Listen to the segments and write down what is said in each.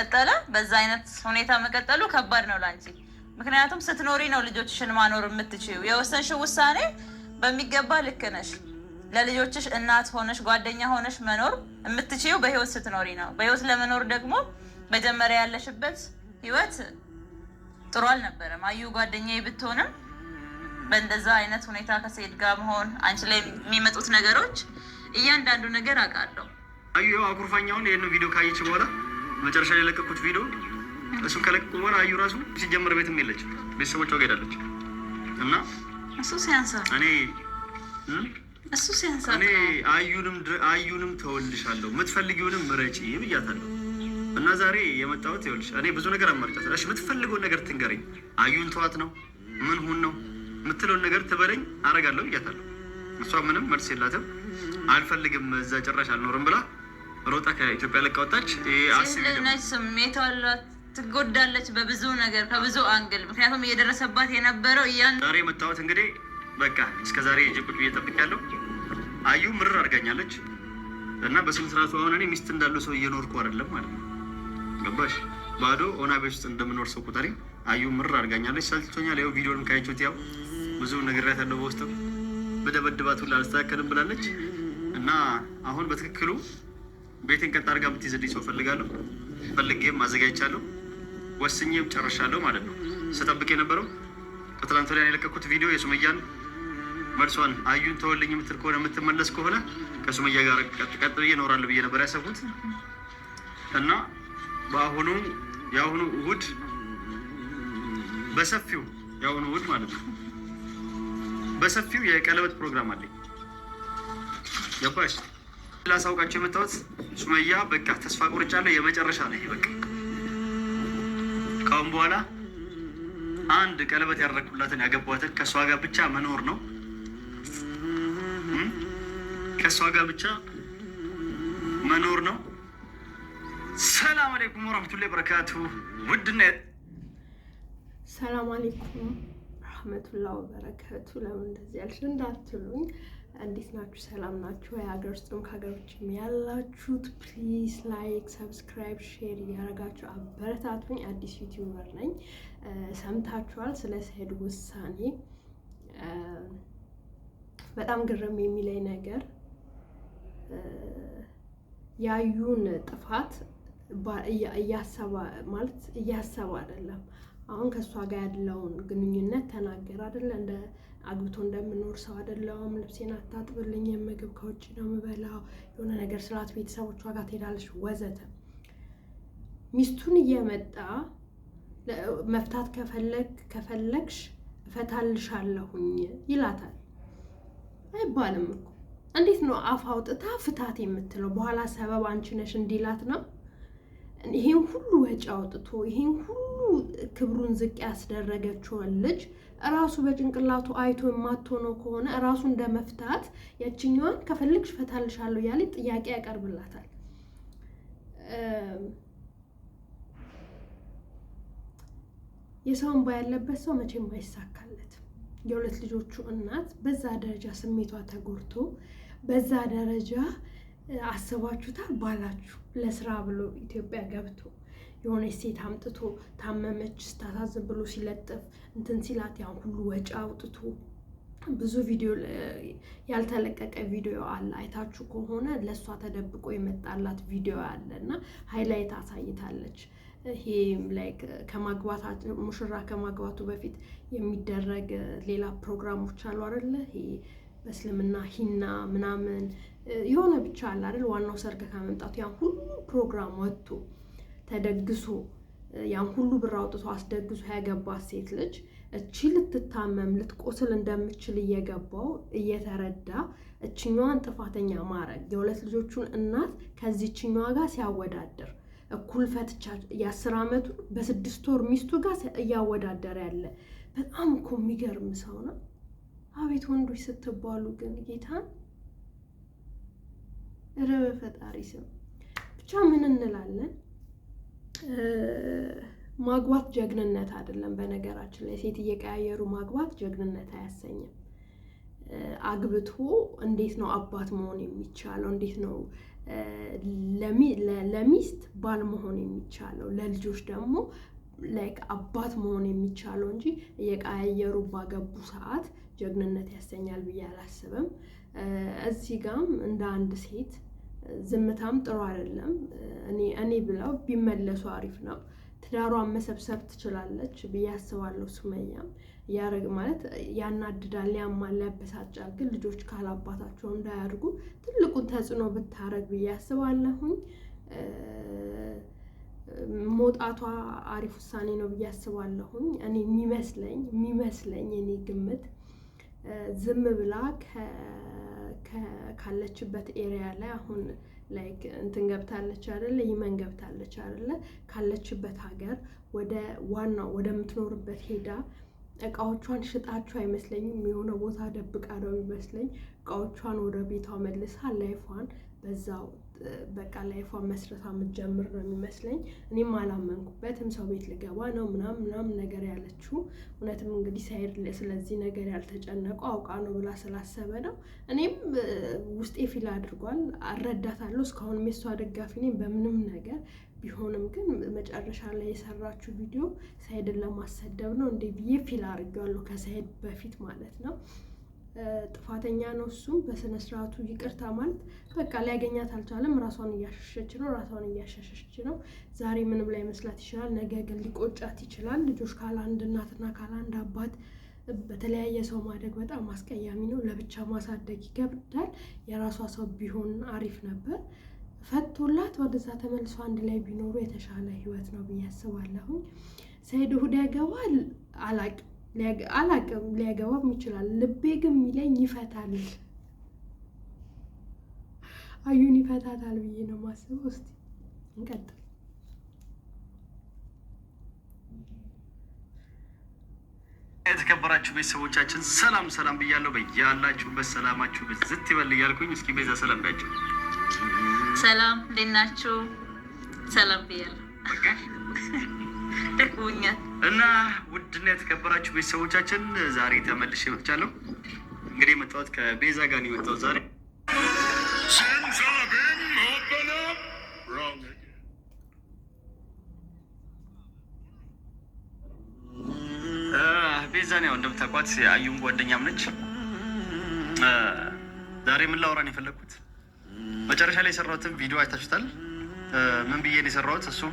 ቀጠለ በዛ አይነት ሁኔታ መቀጠሉ ከባድ ነው ላንቺ። ምክንያቱም ስትኖሪ ነው ልጆችሽን ማኖር የምትችዩ። የወሰንሽ ውሳኔ በሚገባ ልክ ነሽ። ለልጆችሽ እናት ሆነሽ ጓደኛ ሆነሽ መኖር የምትችዩ በህይወት ስትኖሪ ነው። በህይወት ለመኖር ደግሞ መጀመሪያ ያለሽበት ህይወት ጥሩ አልነበረም። አዩ ጓደኛ ብትሆንም በእንደዛ አይነት ሁኔታ ከሴት ጋር መሆን አንቺ ላይ የሚመጡት ነገሮች እያንዳንዱ ነገር አውቃለሁ። አዩ አኩርፋኛውን ይህን ቪዲዮ ካየች በኋላ መጨረሻ ላይ የለቀኩት ቪዲዮ እሱ ከለቀቁ በኋላ አዩ ራሱ ሲጀምር ቤትም የለች ቤተሰቦቿ ጋር ሄዳለች። እና እሱ እኔ እሱ እኔ አዩንም አዩንም ተወልሻለሁ የምትፈልጊውንም ምረጪ ብያታለሁ። እና ዛሬ የመጣሁት ይኸውልሽ እኔ ብዙ ነገር አማርጫት እሺ፣ የምትፈልገውን ነገር ትንገረኝ። አዩን ተዋት ነው ምን ሁን ነው የምትለውን ነገር ትበለኝ፣ አረጋለሁ ብያታለሁ። እሷ ምንም መልስ የላትም። አልፈልግም እዛ ጭራሽ አልኖርም ብላ ሮጣ ከኢትዮጵያ ለቃ ወጣች። ነች፣ ስሜት አላት፣ ትጎዳለች በብዙ ነገር ከብዙ አንግል፣ ምክንያቱም እየደረሰባት የነበረው እያን ዛሬ መታወት እንግዲህ በቃ እስከ ዛሬ ጅቁጭ ያለው አዩ ምርር አድርጋኛለች እና በስነ ስርዓቱ አሁን እኔ ሚስት እንዳለው ሰው እየኖርኩ አይደለም ማለት ነው። ገባሽ? ባዶ ኦና ቤት ውስጥ እንደምኖር ሰው ቁጠሪ። አዩ ምርር አድርጋኛለች፣ ሰልችቶኛል። ያው ቪዲዮንም ካያችሁት ያው ብዙ ያለው በውስጥም በደበድባት ሁላ አልስተካከልም ብላለች እና አሁን በትክክሉ ቤቴን ቀጥ አድርጋ ብትይዝልኝ ሰው ፈልጋለሁ። ፈልጌም አዘጋጅቻለሁ፣ ወስኜም ጨርሻለሁ ማለት ነው። ስጠብቅ የነበረው ከትላንት ወዲያ የለቀኩት ቪዲዮ የሱመያን መልሷን አዩን ተወልኝ የምትል ከሆነ የምትመለስ ከሆነ ከሱመያ ጋር ቀጥ ብዬ እኖራለሁ ብዬ ነበር ያሰብኩት እና በአሁኑ የአሁኑ እሁድ በሰፊው የአሁኑ እሁድ ማለት ነው በሰፊው የቀለበት ፕሮግራም አለኝ ገባሽ ላሳውቃቸው የመጣሁት ሱመያ በቃ ተስፋ ቆርጫለሁ። የመጨረሻ ነው ይሄ። በቃ ካሁን በኋላ አንድ ቀለበት ያደረግኩላትን ያገባትን ከእሷ ጋር ብቻ መኖር ነው። ከእሷ ጋር ብቻ መኖር ነው። ሰላም አሌይኩም ወረህመቱላሂ በረካቱ። ውድና ሰላም አሌይኩም ረህመቱላ ወበረካቱ። ለምን እንደዚህ ያልሽ እንዳትሉኝ እንዴት ናችሁ? ሰላም ናችሁ? የሀገር ውስጥም ከሀገር ውጭም ያላችሁት ፕሊዝ ላይክ፣ ሰብስክራይብ፣ ሼር እያደረጋችሁ አበረታቱኝ። አዲስ ዩቲዩበር ነኝ። ሰምታችኋል ስለ ሰኢድ ውሳኔ። በጣም ግርም የሚለኝ ነገር ያዩን ጥፋት እያሰባ ማለት እያሰባ አይደለም አሁን ከእሷ ጋር ያለውን ግንኙነት ተናገር አደለ። እንደ አግብቶ እንደምኖር ሰው አደለውም። ልብሴን አታጥብልኝ፣ የምግብ ከውጭ ነው የምበላው፣ የሆነ ነገር ስላት ቤተሰቦቿ ጋር ትሄዳለች ወዘተ። ሚስቱን እየመጣ መፍታት ከፈለግ ከፈለግሽ እፈታልሻለሁኝ ይላታል። አይባልም እኮ እንዴት ነው አፍ አውጥታ ፍታት የምትለው? በኋላ ሰበብ አንቺ ነሽ እንዲላት ነው። ይሄን ሁሉ ወጪ አውጥቶ ይሄን ሁሉ ክብሩን ዝቅ ያስደረገችውን ልጅ እራሱ በጭንቅላቱ አይቶ የማትሆነው ከሆነ እራሱ እንደ መፍታት ያችኛዋን ከፈልግሽ ፈታልሻለሁ እያለ ጥያቄ ያቀርብላታል። የሰውን እንባ ያለበት ሰው መቼም አይሳካለት። የሁለት ልጆቹ እናት በዛ ደረጃ ስሜቷ ተጎድቶ በዛ ደረጃ አስባችሁታል? ባላችሁ ለስራ ብሎ ኢትዮጵያ ገብቶ የሆነች ሴት አምጥቶ ታመመች ስታሳዝን ብሎ ሲለጥፍ እንትን ሲላት ያን ሁሉ ወጪ አውጥቶ ብዙ ቪዲዮ ያልተለቀቀ ቪዲዮ አለ። አይታችሁ ከሆነ ለእሷ ተደብቆ የመጣላት ቪዲዮ አለ እና ሃይላይት አሳይታለች። ይሄ ላይክ ከማግባታችን ሙሽራ ከማግባቱ በፊት የሚደረግ ሌላ ፕሮግራሞች አሉ አይደለ? ይሄ በእስልምና ሂና ምናምን የሆነ ብቻ አለ አይደል? ዋናው ሰርግ ከመምጣቱ ያን ሁሉ ፕሮግራም ወጥቶ ተደግሶ ያን ሁሉ ብር አውጥቶ አስደግሶ ያገባት ሴት ልጅ እቺ ልትታመም ልትቆስል እንደምችል እየገባው እየተረዳ እችኛዋን ጥፋተኛ ማረግ የሁለት ልጆቹን እናት ከዚህ እችኛዋ ጋር ሲያወዳደር እኩል ፈትቻ የአስር ዓመቱን በስድስት ወር ሚስቱ ጋር እያወዳደረ ያለ በጣም እኮ የሚገርም ሰው ነው። አቤት ወንዶች ስትባሉ ግን ጌታን እረ በፈጣሪ ስም ብቻ ምን እንላለን? ማግባት ጀግንነት አይደለም። በነገራችን ላይ ሴት እየቀያየሩ ማግባት ጀግንነት አያሰኝም። አግብቶ እንዴት ነው አባት መሆን የሚቻለው? እንዴት ነው ለሚስት ባል መሆን የሚቻለው? ለልጆች ደግሞ ላይክ አባት መሆን የሚቻለው እንጂ እየቀያየሩ ባገቡ ሰዓት ጀግንነት ያሰኛል ብዬ አላስብም። እዚህ ጋም እንደ አንድ ሴት ዝምታም ጥሩ አይደለም። እኔ ብለው ቢመለሱ አሪፍ ነው። ትዳሯን መሰብሰብ ትችላለች ብዬ አስባለሁ። ሱመያም ያረግ ማለት ያናድዳል፣ ያማል፣ ያበሳጫል። ግን ልጆች ካላባታቸው እንዳያድጉ ትልቁን ተጽዕኖ ብታረግ ብዬ አስባለሁኝ። መውጣቷ አሪፍ ውሳኔ ነው ብዬ አስባለሁኝ። እኔ የሚመስለኝ የሚመስለኝ እኔ ግምት ዝም ብላ ካለችበት ኤሪያ ላይ አሁን ላይክ እንትን ገብታለች አይደለ? ይመን ገብታለች አይደለ? ካለችበት ሀገር ወደ ዋናው ወደምትኖርበት ሄዳ እቃዎቿን ሽጣቸው አይመስለኝም። የሆነ ቦታ ደብቃ ነው የሚመስለኝ። እቃዎቿን ወደ ቤቷ መልሳ ላይፏን በዛው በቃ ላይፏ መስረታ የምትጀምር ነው የሚመስለኝ። እኔም አላመንኩበትም። ሰው ቤት ልገባ ነው ምናም ምናም ነገር ያለችው እውነትም እንግዲህ ሳይድ ስለዚህ ነገር ያልተጨነቁ አውቃ ነው ብላ ስላሰበ ነው። እኔም ውስጤ ፊል አድርጓል። አረዳታለሁ። እስካሁን የሷ ደጋፊ ነኝ በምንም ነገር ቢሆንም ግን መጨረሻ ላይ የሰራችው ቪዲዮ ሳይድን ለማሰደብ ነው እንዴ ብዬ ፊል አድርጌዋለሁ። ከሳይድ በፊት ማለት ነው ጥፋተኛ ነው እሱ። በስነ ስርዓቱ ይቅርታ ማለት በቃ ሊያገኛት አልቻለም። ራሷን እያሸሸች ነው፣ ራሷን እያሸሸች ነው። ዛሬ ምንም ላይ መስላት ይችላል፣ ነገ ግን ሊቆጫት ይችላል። ልጆች ካለ አንድ እናትና ካለ አንድ አባት በተለያየ ሰው ማደግ በጣም አስቀያሚ ነው። ለብቻ ማሳደግ ይገብዳል። የራሷ ሰው ቢሆን አሪፍ ነበር። ፈቶላት ወደዛ ተመልሶ አንድ ላይ ቢኖሩ የተሻለ ህይወት ነው ብዬ አስባለሁ። ሰይድ ያገባል አላቅም አላቅም ሊያገባም ይችላል። ልቤ ግን የሚለኝ ይፈታል፣ አዩን ይፈታታል ብዬ ነው ማስበው። እስኪ እንቀጥል። የተከበራችሁ ቤተሰቦቻችን ሰላም ሰላም ብያለሁ። በያላችሁበት ሰላማችሁ ብዝት ይበል እያልኩኝ እስኪ ቤዛ ሰላም ቢያቸው። ሰላም እንዴት ናችሁ? ሰላም ብያለሁ። ደክሞኛል። እና ውድና የተከበራችሁ ቤተሰቦቻችን ዛሬ ተመልሼ መጥቻለሁ። እንግዲህ የመጣሁት ከቤዛ ጋር ነው የመጣሁት ዛሬ ቤዛን ያው እንደምታውቋት አዩም ጓደኛም ነች። ዛሬ ምን ላውራን የፈለግኩት መጨረሻ ላይ የሰራሁትን ቪዲዮ አይታችሁታል። ምን ብዬን የሰራሁት እሱም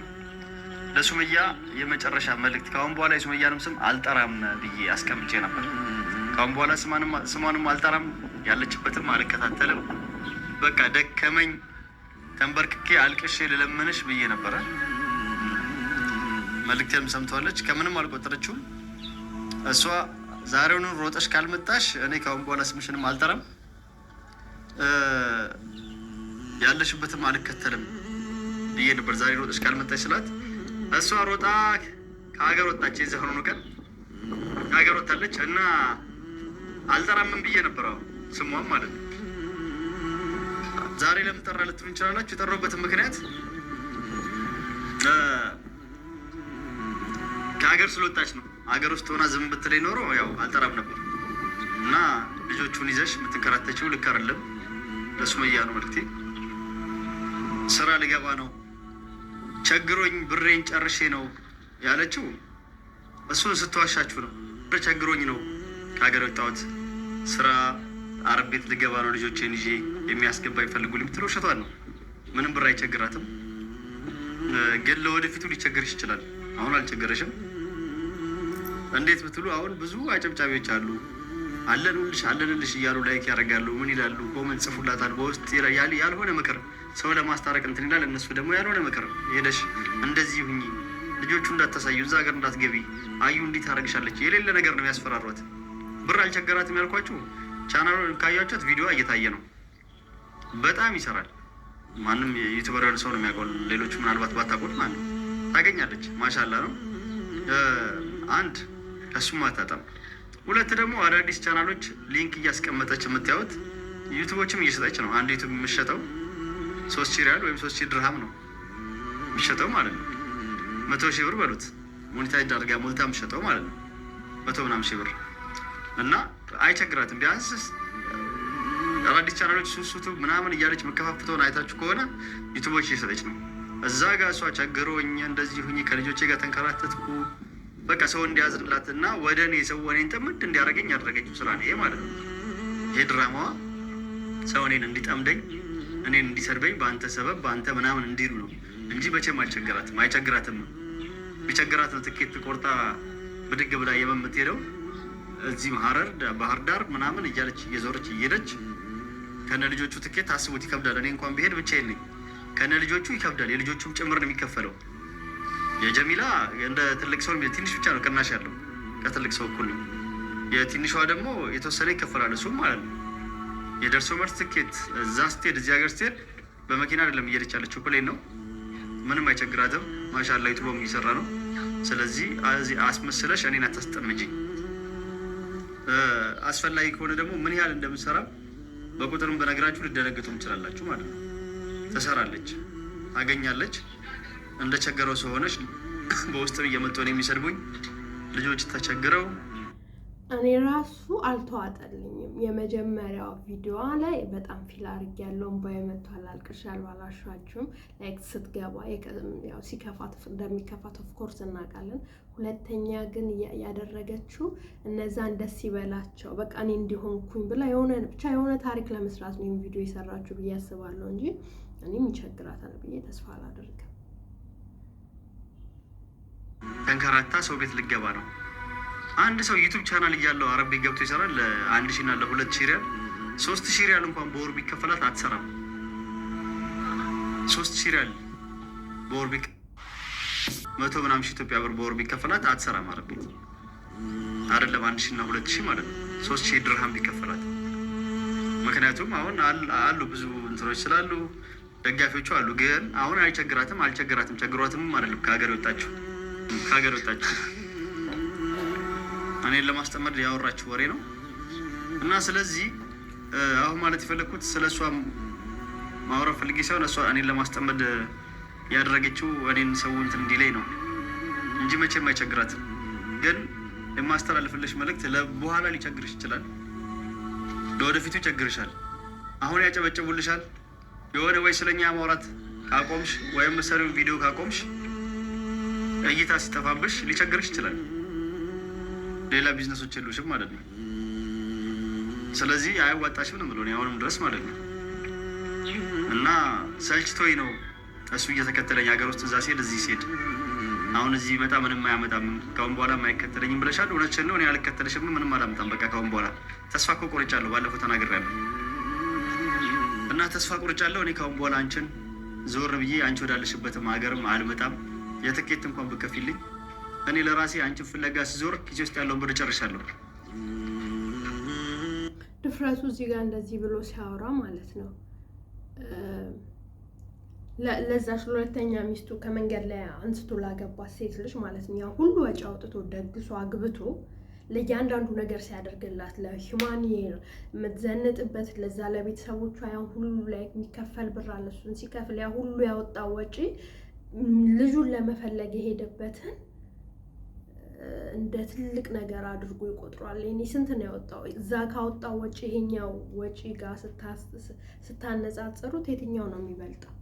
ለሱመያ የመጨረሻ መልእክት ካሁን በኋላ የሱመያንም ስም አልጠራም ብዬ አስቀምጬ ነበር። ካሁን በኋላ ስሟንም አልጠራም፣ ያለችበትም አልከታተልም። በቃ ደከመኝ፣ ተንበርክኬ አልቅሼ ልለምንሽ ብዬ ነበረ። መልእክቴንም ሰምተዋለች፣ ከምንም አልቆጠረችውም። እሷ ዛሬውን ሮጠሽ ካልመጣሽ እኔ ካሁን በኋላ ስምሽንም አልጠራም ያለሽበትም አልከተልም ብዬ ነበር። ዛሬ ሮጠሽ ካልመጣሽ ስላት እሷ ሮጣ ከሀገር ወጣች። የዘኑ ቀን ከሀገር ወጣለች እና አልጠራምን ብዬ ነበረ አሁን ስሟም ማለት ነው። ዛሬ ለምን ጠራ ልትሉ እንችላላችሁ። የጠራሁበትን ምክንያት ከሀገር ስለወጣች ነው። ሀገር ውስጥ ሆና ዝም ብትለኝ ኖሮ ያው አልጠራም ነበር እና ልጆቹን ይዘሽ የምትንከራተችው ልክ አይደለም። ለሱመያ ነው መልክቴ። ስራ ልገባ ነው ቸግሮኝ ብሬን ጨርሼ ነው ያለችው። እሱን ስትዋሻችሁ ነው። ብር ቸግሮኝ ነው ከሀገር ወጣሁት፣ ስራ አረብ ቤት ልገባ ነው፣ ልጆቼን ይዤ የሚያስገባ ይፈልጉ የምትለው ውሸቷን ነው። ምንም ብር አይቸግራትም፣ ግን ለወደፊቱ ሊቸግርሽ ይችላል። አሁን አልቸገረሽም። እንዴት ብትሉ አሁን ብዙ አጨብጫቢዎች አሉ አለንልሽ አለንልሽ እያሉ ላይክ ያደርጋሉ። ምን ይላሉ? ኮመንት ጽፉላታል። በውስጥ ያልሆነ ምክር ሰው ለማስታረቅ እንትን ይላል። እነሱ ደግሞ ያልሆነ ምክር ሄደሽ እንደዚህ ሁኚ፣ ልጆቹ እንዳታሳዩ፣ እዛ ሀገር እንዳትገቢ፣ አዩ እንዲህ ታደርግሻለች። የሌለ ነገር ነው ያስፈራሯት። ብር አልቸገራትም ያልኳችሁ ቻናሉ ካያችሁት ቪዲዮ እየታየ ነው። በጣም ይሰራል። ማንም ዩቱበርን ሰው ነው የሚያውቀው። ሌሎቹ ምናልባት ባታውቁት ማለት ታገኛለች። ማሻላ ነው። አንድ እሱም አታጣም። ሁለት ደግሞ አዳዲስ ቻናሎች ሊንክ እያስቀመጠች የምታዩት ዩቱቦችም እየሸጠች ነው። አንድ ዩቱብ የምሸጠው ሶስት ሺህ ሪያል ወይም ሶስት ሺህ ድርሃም ነው የምሸጠው ማለት ነው። መቶ ሺህ ብር በሉት ሞኔታይዝ አድርጋ ሞልታ የምሸጠው ማለት ነው። መቶ ምናምን ሺህ ብር እና አይቸግራትም። ቢያንስ አዳዲስ ቻናሎች ሱሱቱ ምናምን እያለች መከፋፍተውን አይታችሁ ከሆነ ዩቱቦች እየሸጠች ነው። እዛ ጋር እሷ ቸግሮኝ እንደዚህ ሁኝ ከልጆቼ ጋር ተንከራተትኩ በቃ ሰው እንዲያዝንላት እና ወደ እኔ ሰው እኔን ጥምድ እንዲያደርገኝ ያደረገችው ስራ ነው ማለት ነው። ይሄ ድራማዋ ሰው እኔን እንዲጠምደኝ፣ እኔን እንዲሰርበኝ በአንተ ሰበብ በአንተ ምናምን እንዲሉ ነው እንጂ መቼም አይቸግራትም አይቸግራትም። ቢቸግራት ነው ትኬት ቆርጣ ብድግ ብላ የምትሄደው እዚህ ሀረር ባህር ዳር ምናምን እያለች እየዞረች እየሄደች ከነ ልጆቹ ትኬት አስቡት፣ ይከብዳል። እኔ እንኳን ብሄድ ብቻዬን ነኝ። ከነ ልጆቹ ይከብዳል። የልጆቹም ጭምር ነው የሚከፈለው። የጀሚላ እንደ ትልቅ ሰው ትንሽ ብቻ ነው ቅናሽ ያለው ከትልቅ ሰው እኩል ነው። የትንሿ ደግሞ የተወሰነ ይከፈላል እሱም ማለት ነው። የደርሶ መልስ ትኬት እዛ ስትሄድ እዚህ ሀገር ስትሄድ በመኪና አይደለም እየሄደች ያለችው ፕሌን ነው። ምንም አይቸግራትም። ማሻላ ዩቱቦ የሚሰራ ነው። ስለዚህ አስመስለሽ እኔን አታስጠምጂኝ። አስፈላጊ ከሆነ ደግሞ ምን ያህል እንደምሰራ በቁጥርም በነገራችሁ ልደነግጡም ትችላላችሁ ማለት ነው። ትሰራለች፣ ታገኛለች እንደ ቸገረው ሰሆነች በውስጥም እየመጡ ነው የሚሰድቡኝ ልጆች ተቸግረው እኔ ራሱ አልተዋጠልኝም። የመጀመሪያው ቪዲዮ ላይ በጣም ፊል አርግ ያለውን ባይመቷል አልቅሽ ያልባላሻችሁም ላይክ ስትገባ ሲከፋት እንደሚከፋት ኦፍኮርስ እናውቃለን። ሁለተኛ ግን ያደረገችው እነዛን ደስ ይበላቸው በቃ እኔ እንዲሆንኩኝ ብላ የሆነ ብቻ የሆነ ታሪክ ለመስራት ነው ቪዲዮ የሰራችሁ ብዬ አስባለሁ እንጂ እኔም ይቸግራታል ብዬ ተስፋ አላደርግም። ተንከራታ ሰው ቤት ልገባ ነው። አንድ ሰው ዩቱብ ቻናል እያለው አረብ ቤት ገብቶ ይሰራል። ለአንድ ሺ እና ለሁለት ሺ ሪያል ሶስት ሺ ሪያል እንኳን በወር ቢከፈላት አትሰራም። ሶስት ሺ ሪያል በወር መቶ ምናምን ሺ ኢትዮጵያ ብር በወር ቢከፈላት አትሰራም አረብ ቤት አይደለም። አንድ ሺ እና ሁለት ሺ ማለት ነው። ሶስት ሺ ድርሃም ቢከፈላት ምክንያቱም አሁን አሉ ብዙ እንትኖች ስላሉ ደጋፊዎቹ አሉ። ግን አሁን አይቸግራትም አልቸግራትም ቸግሯትም አይደለም ከሀገር የወጣችው ከሀገር ወጣችሁ እኔን ለማስጠመድ ያወራችሁ ወሬ ነው እና ስለዚህ አሁን ማለት የፈለግኩት ስለ እሷ ማውራት ፈልጌ ሳይሆን እሷ እኔን ለማስጠመድ ያደረገችው እኔን ሰው እንትን እንዲለኝ ነው እንጂ መቼም አይቸግራትም። ግን የማስተላልፍልሽ መልእክት ለበኋላ ሊቸግርሽ ይችላል፣ ለወደፊቱ ይቸግርሻል። አሁን ያጨበጭቡልሻል የሆነ ወይ ስለኛ ማውራት ካቆምሽ ወይም ሰሪውን ቪዲዮ ካቆምሽ እይታ ሲጠፋብሽ ሊቸግርሽ ይችላል። ሌላ ቢዝነሶች የሉሽም ማለት ነው። ስለዚህ አያዋጣሽም ነው ብሎን አሁንም ድረስ ማለት ነው። እና ሰልችቶኝ ነው እሱ እየተከተለኝ ሀገር ውስጥ እዛ ሲሄድ እዚህ ሲሄድ አሁን እዚህ ይመጣ ምንም አያመጣም፣ ካሁን በኋላ የማይከተለኝም ብለሻል። እውነትሽን ነው። እኔ አልከተለሽም፣ ምንም አላመጣም። በቃ ካሁን በኋላ ተስፋ እኮ ቆርጫለሁ፣ ባለፈው ተናግሬያለሁ። እና ተስፋ ቆርጫለሁ እኔ ካሁን በኋላ አንቺን ዞር ብዬ አንቺ ወዳለሽበትም ሀገርም አልመጣም የትኬት እንኳን ብከፊልኝ እኔ ለራሴ አንቺን ፍለጋ ስዞር ጊዜ ውስጥ ያለውን ብር ጨርሻለሁ። ድፍረቱ እዚህ ጋር እንደዚህ ብሎ ሲያወራ ማለት ነው። ለዛች ሁለተኛ ሚስቱ ከመንገድ ላይ አንስቶ ላገባት ሴት ልጅ ማለት ነው ያ ሁሉ ወጪ አውጥቶ ደግሶ አግብቶ ለእያንዳንዱ ነገር ሲያደርግላት ለሂማኒ የምትዘንጥበት ለዛ ለቤተሰቦቿ ያ ሁሉ ላይ የሚከፈል ብር አለ። እሱን ሲከፍል ያ ሁሉ ያወጣው ወጪ ልጁን ለመፈለግ የሄደበትን እንደ ትልቅ ነገር አድርጎ ይቆጥሯል። እኔ ስንት ነው ያወጣው? እዛ ካወጣው ወጪ ይሄኛው ወጪ ጋር ስታነጻጽሩት የትኛው ነው የሚበልጠው?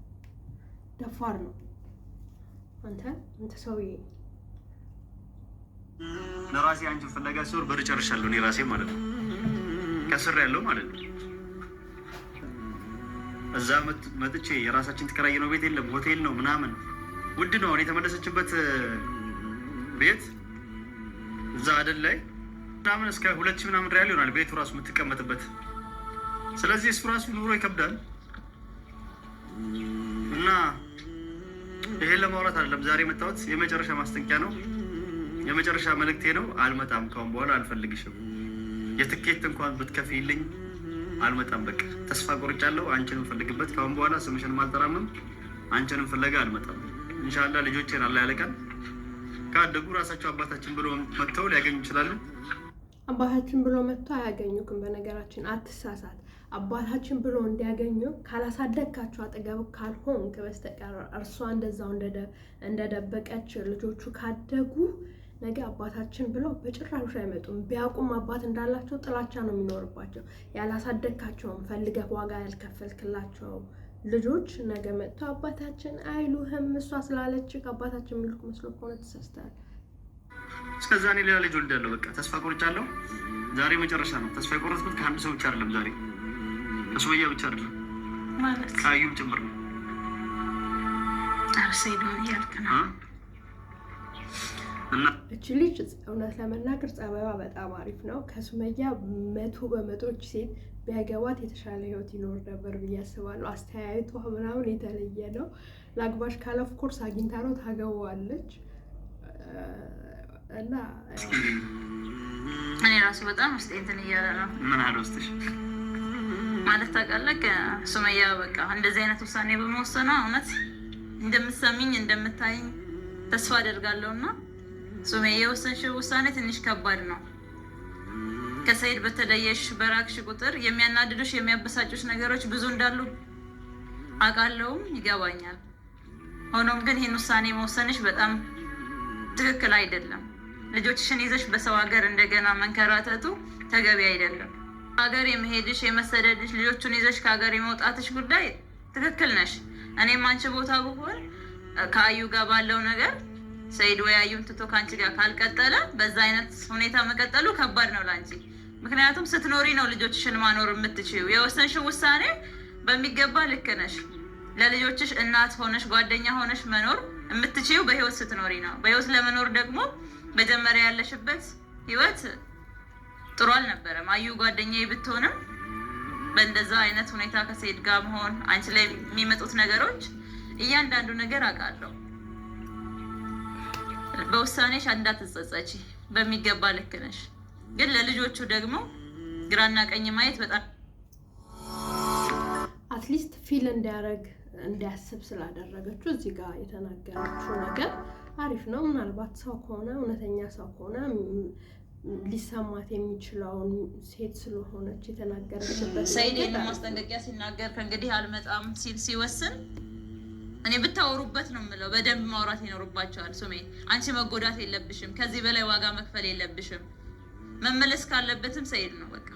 ደፋር ነው። አንተ አንተ ሰውዬ ለራሴ አንቺ ፍለጋ ሲሆን ብር ጨርሻለሁ። እኔ ራሴ ማለት ነው ከስር ያለው ማለት ነው። እዛ መጥቼ የራሳችን ትከራየ ቤት የለም ሆቴል ነው ምናምን ውድ ነው። አሁን የተመለሰችበት ቤት እዛ አደል ላይ ምናምን እስከ ሁለት ሺህ ምናምን ሪያል ይሆናል ቤቱ ራሱ የምትቀመጥበት። ስለዚህ እሱ ራሱ ኑሮ ይከብዳል እና ይሄን ለማውራት አይደለም ዛሬ የመጣሁት። የመጨረሻ ማስጠንቂያ ነው፣ የመጨረሻ መልእክቴ ነው። አልመጣም፣ ካሁን በኋላ አልፈልግሽም። የትኬት እንኳን ብትከፍይልኝ አልመጣም። በቃ ተስፋ ቆርጫለሁ። አንቺን ፈልግበት። ካሁን በኋላ ስምሽንም አልጠራምም። አንቺንም ፍለጋ አልመጣም። እንሻላ ልጆቼን አላ ያለቀን ካደጉ ራሳቸው አባታችን ብሎ መጥተው ሊያገኙ ይችላሉ። አባታችን ብሎ መጥተው አያገኙክም። በነገራችን አትሳሳት። አባታችን ብሎ እንዲያገኙ ካላሳደግካቸው አጠገብ ካልሆንክ በስተቀር እርሷ እንደዛው እንደደበቀች ልጆቹ ካደጉ ነገ አባታችን ብለው በጭራሽ አይመጡም። ቢያውቁም አባት እንዳላቸው ጥላቻ ነው የሚኖርባቸው። ያላሳደግካቸውም ፈልገህ ዋጋ ያልከፈልክላቸው ልጆች ነገ መጥተው አባታችን አይሉህም እሷ ስላለች አባታችን የሚልኩ መስሎ ከሆነ ተሳስተሃል። እስከዛ እኔ ሌላ ልጅ ወልዳለሁ። በቃ ተስፋ ቆርጫለሁ። ዛሬ መጨረሻ ነው። ተስፋ የቆረጥኩት ከአንድ ሰው ብቻ አይደለም። ዛሬ ከሱመያ ብቻ አይደለም፣ ከአዩም ጭምር ነው። እች ልጅ እውነት ለመናገር ጸባይዋ በጣም አሪፍ ነው። ከሱመያ መቶ በመቶች ሴት ቢያገባት የተሻለ ህይወት ይኖር ነበር ብዬ አስባለሁ። አስተያየቷ ምናምን የተለየ ነው። ለአግባሽ ካለ ኦፍኮርስ አግኝታ ነው ታገባዋለች። እና እኔ ራሱ በጣም ውስጤ እንትን እያለ ነው። ምን አለ ውስጥሽ? ማለት ታውቃለህ፣ ሱመያ በቃ እንደዚህ አይነት ውሳኔ በመወሰኗ እውነት እንደምትሰሚኝ እንደምታይኝ ተስፋ አደርጋለሁ። እና ሱመያ የወሰንሽ ውሳኔ ትንሽ ከባድ ነው ከሰይድ በተለየሽ በራቅሽ ቁጥር የሚያናድዱሽ የሚያበሳጩሽ ነገሮች ብዙ እንዳሉ አውቃለሁም ይገባኛል። ሆኖም ግን ይህን ውሳኔ መወሰንሽ በጣም ትክክል አይደለም። ልጆችሽን ይዘሽ በሰው ሀገር እንደገና መንከራተቱ ተገቢ አይደለም። ሀገር የመሄድሽ የመሰደድሽ፣ ልጆቹን ይዘሽ ከሀገር የመውጣትሽ ጉዳይ ትክክል ነሽ። እኔም አንቺ ቦታ ብሆን ከአዩ ጋር ባለው ነገር ሰይድ ወያዩም ትቶ ከአንቺ ጋር ካልቀጠለ በዛ አይነት ሁኔታ መቀጠሉ ከባድ ነው ለአንቺ። ምክንያቱም ስትኖሪ ነው ልጆችሽን ማኖር የምትችው። የወሰንሽን ውሳኔ በሚገባ ልክ ነሽ። ለልጆችሽ እናት ሆነሽ ጓደኛ ሆነሽ መኖር የምትችው በህይወት ስትኖሪ ነው። በህይወት ለመኖር ደግሞ መጀመሪያ ያለሽበት ህይወት ጥሩ አልነበረም። አዩ ጓደኛ ብትሆንም በእንደዛ አይነት ሁኔታ ከሰይድ ጋር መሆን አንቺ ላይ የሚመጡት ነገሮች እያንዳንዱ ነገር አውቃለሁ። በውሳኔሽ እንዳትጸጸች፣ በሚገባ ልክ ነሽ። ግን ለልጆቹ ደግሞ ግራና ቀኝ ማየት በጣም አትሊስት ፊል እንዲያደርግ እንዲያስብ ስላደረገችው እዚህ ጋር የተናገረችው ነገር አሪፍ ነው። ምናልባት ሰው ከሆነ እውነተኛ ሰው ከሆነ ሊሰማት የሚችለውን ሴት ስለሆነች የተናገረችበት ሰይድ ማስጠንቀቂያ ሲናገር ከእንግዲህ አልመጣም ሲል ሲወስን እኔ ብታወሩበት ነው የምለው። በደንብ ማውራት ይኖርባቸዋል። ሱሜ አንቺ መጎዳት የለብሽም። ከዚህ በላይ ዋጋ መክፈል የለብሽም። መመለስ ካለበትም ሰይድ ነው በቃ።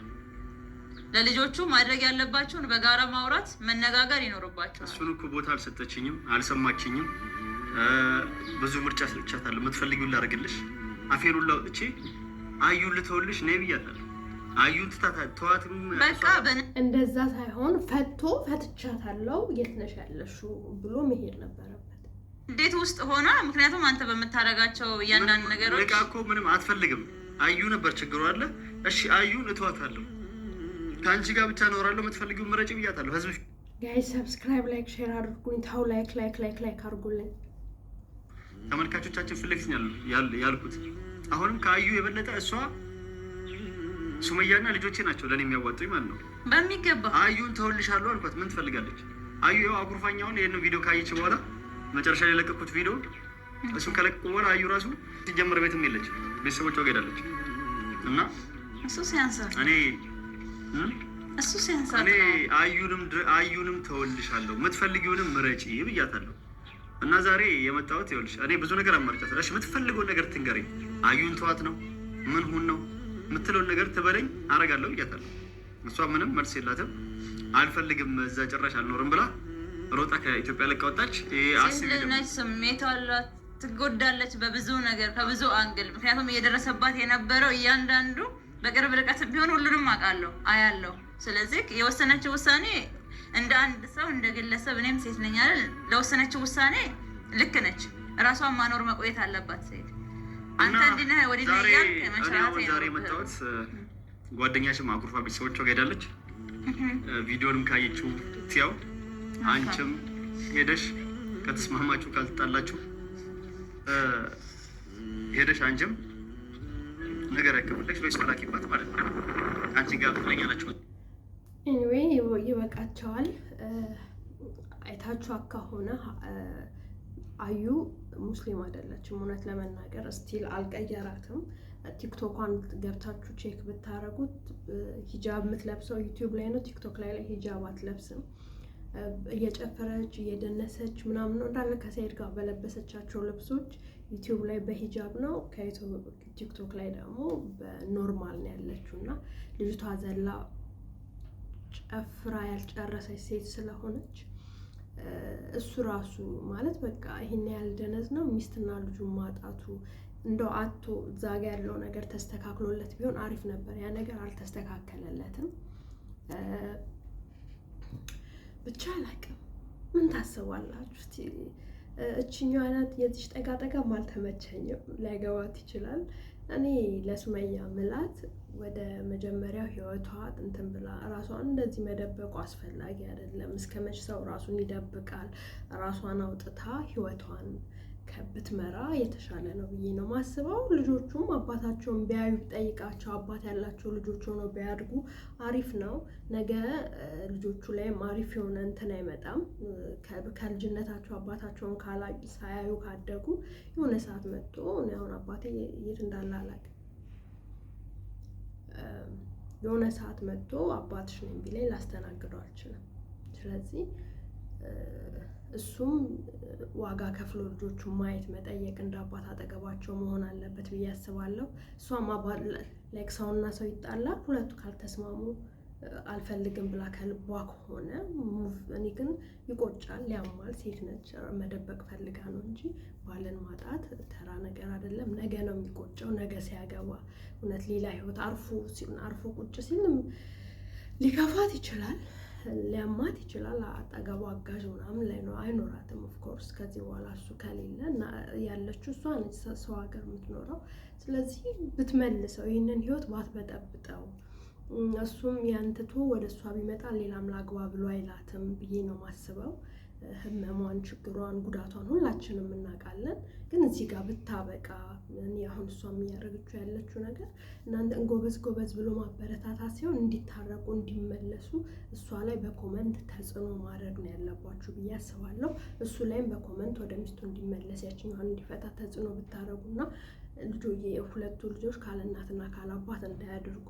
ለልጆቹ ማድረግ ያለባቸውን በጋራ ማውራት፣ መነጋገር ይኖርባቸዋል። እሱን እኮ ቦታ አልሰጠችኝም፣ አልሰማችኝም። ብዙ ምርጫ ሰጥቻታለሁ። የምትፈልጊውን ላደርግልሽ፣ አፌን ሁላ አውጥቼ አዩን ልተውልሽ ነይ ብያታለሁ። እንደዛ ሳይሆን ፈቶ ፈትቻታለው የት ነሽ ያለሽው ብሎ መሄድ ነበረበት። እንዴት ውስጥ ሆና ምክንያቱም አንተ በምታደርጋቸው እያንዳንድ ነገሮች በቃ እኮ ምንም አትፈልግም። አዩ ነበር ችግሩ አለ። እሺ አዩን እተዋታለሁ፣ ከአንቺ ጋር ብቻ እኖራለሁ፣ የምትፈልጊው መረጭ ብያታለሁ። ህዝብ ጋይ ሰብስክራይብ፣ ላይክ፣ ሼር አድርጉኝ። ታው ላይክ ላይክ ላይክ ላይክ አድርጉልኝ። ተመልካቾቻችን ፍለግት ያልኩት አሁንም ከአዩ የበለጠ እሷ ሱመያና ልጆቼ ናቸው ለእኔ የሚያዋጡኝ ማለት ነው። በሚገባ አዩን ተወልሻለሁ አልኳት። ምን ትፈልጋለች አዩ? ያው አጉርፋኛውን ይህን ቪዲዮ ካየች በኋላ መጨረሻ ላይ የለቀኩት ቪዲዮ እሱ ከለቅቁ በኋላ አዩ ራሱ ሲጀምር ቤትም የለች ቤተሰቦች ወገዳለች እና እሱ እኔ እሱ እኔ አዩንም አዩንም ተወልሻለሁ የምትፈልጊውንም ምረጪ ብያታለሁ። እና ዛሬ የመጣሁት ይኸውልሽ እኔ ብዙ ነገር አማርጫት እሺ፣ የምትፈልገውን ነገር ትንገረኝ። አዩን ተዋት ነው ምን ሁን ነው የምትለውን ነገር ትበለኝ አረጋለሁ ብያታለሁ። እሷ ምንም መልስ የላትም። አልፈልግም እዛ ጭራሽ አልኖርም ብላ ሮጣ ከኢትዮጵያ ልቃ ወጣች። ይሄ ስሜት አላት፣ ትጎዳለች በብዙ ነገር ከብዙ አንግል። ምክንያቱም እየደረሰባት የነበረው እያንዳንዱ በቅርብ ርቀት ቢሆን ሁሉንም አውቃለሁ አያለሁ። ስለዚህ የወሰነችው ውሳኔ እንደ አንድ ሰው እንደ ግለሰብ እኔም ሴት ነኝ አይደል፣ ለወሰነችው ውሳኔ ልክ ነች። እራሷን ማኖር መቆየት አለባት ሴት ዛሬ የመጣሁት ጓደኛችን አኩርፋ ቤተሰቦቿ ጋር ሄዳለች። ቪዲዮንም ካየችው ትያው አንቺም ሄደሽ ከተስማማችሁ ካልተጣላችሁ ሄደሽ አንቺም ነገር ያከብለሽ ሎይስ መላኪባት ማለት ነው። አንቺ ጋር ፍቅረኛ ናቸው ኤኒዌይ ይበቃቸዋል። አይታችኋ ከሆነ አዩ ሙስሊም አይደለችም። እውነት ለመናገር ስቲል አልቀየራትም። ቲክቶኳን ገብታችሁ ቼክ ብታረጉት ሂጃብ የምትለብሰው ዩቲዩብ ላይ ነው። ቲክቶክ ላይ ሂጃብ አትለብስም። እየጨፈረች እየደነሰች ምናምን ነው እንዳለ ከሰይድ ጋር በለበሰቻቸው ልብሶች ዩቲዩብ ላይ በሂጃብ ነው፣ ቲክቶክ ላይ ደግሞ በኖርማል ነው ያለችው እና ልጅቷ ዘላ ጨፍራ ያልጨረሰች ሴት ስለሆነች እሱ ራሱ ማለት በቃ ይሄን ያህል ደነዝ ነው ሚስትና ልጁን ማጣቱ። እንደው አቶ እዛ ጋ ያለው ነገር ተስተካክሎለት ቢሆን አሪፍ ነበር። ያ ነገር አልተስተካከለለትም። ብቻ አላቅም። ምን ታስባላችሁ? እስቲ እችኛዋ ናት የዚች ጠጋጠጋም አልተመቸኝም። ላይገባት ይችላል። እኔ ለሱመያ ምላት ወደ መጀመሪያው ህይወቷ እንትን ብላ ራሷን እንደዚህ መደበቁ አስፈላጊ አይደለም። እስከ መች ሰው ራሱን ይደብቃል? ራሷን አውጥታ ህይወቷን ከብትመራ የተሻለ ነው ብዬ ነው ማስበው። ልጆቹም አባታቸውን ቢያዩ ጠይቃቸው አባት ያላቸው ልጆች ሆነው ቢያድጉ አሪፍ ነው። ነገ ልጆቹ ላይም አሪፍ የሆነ እንትን አይመጣም። ከልጅነታቸው አባታቸውን ካላ ሳያዩ ካደጉ የሆነ ሰዓት መጥቶ አሁን አባቴ የት እንዳለ አላውቅም የሆነ ሰዓት መጥቶ አባትሽ ነኝ ቢለኝ ላስተናግደው አልችልም። ስለዚህ እሱም ዋጋ ከፍሎ ልጆቹ ማየት መጠየቅ፣ እንደ አባት አጠገባቸው መሆን አለበት ብዬ አስባለሁ። እሷም ላይክ ሰውና ሰው ይጣላል። ሁለቱ ካልተስማሙ አልፈልግም ብላ ከልቧ ከሆነ እኔ ግን ይቆጫል፣ ሊያማል። ሴት ነች፣ መደበቅ ፈልጋ ነው እንጂ ባልን ማጣት ተራ ነገር አይደለም። ነገ ነው የሚቆጨው፣ ነገ ሲያገባ እውነት ሌላ ህይወት አርፎ ሲሆን አርፎ ቁጭ ሲልም ሊከፋት ይችላል፣ ሊያማት ይችላል። አጠገቧ አጋዥ ምናምን ላይ ነው አይኖራትም። ኦፍኮርስ ከዚህ በኋላ እሱ ከሌለ ያለችው እሷ ሰው ሀገር የምትኖረው ስለዚህ ብትመልሰው ይህንን ህይወት ባትበጠብጠው እሱም ያንትቶ ወደ እሷ ቢመጣ ሌላም ላግባ ብሎ አይላትም ብዬ ነው ማስበው። ህመሟን፣ ችግሯን፣ ጉዳቷን ሁላችንም እናውቃለን። ግን እዚህ ጋር ብታበቃ አሁን እሷ እያደረገችው ያለችው ነገር እናንተ ጎበዝ ጎበዝ ብሎ ማበረታታት ሲሆን እንዲታረቁ እንዲመለሱ እሷ ላይ በኮመንት ተጽዕኖ ማድረግ ነው ያለባችሁ ብዬ አስባለሁ። እሱ ላይም በኮመንት ወደ ሚስቱ እንዲመለስ ያችኛዋን እንዲፈታ ተጽዕኖ ብታደረጉና ልጆ ሁለቱ ልጆች ካለ እናትና ካለ አባት እንዳያደርጉ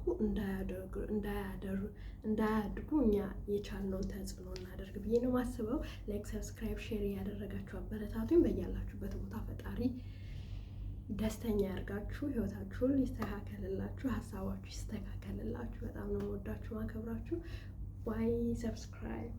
እንዳያድጉ እኛ የቻልነውን ተጽዕኖ እናደርግ ብዬ ነው ማስበው። ላይክ፣ ሰብስክራይብ፣ ሼር እያደረጋችሁ አበረታቱኝ። በያላችሁበት ቦታ ፈጣሪ ደስተኛ ያርጋችሁ፣ ህይወታችሁን ይስተካከልላችሁ፣ ሀሳባችሁ ይስተካከልላችሁ። በጣም ነው መወዳችሁ ማከብራችሁ። ዋይ ሰብስክራይብ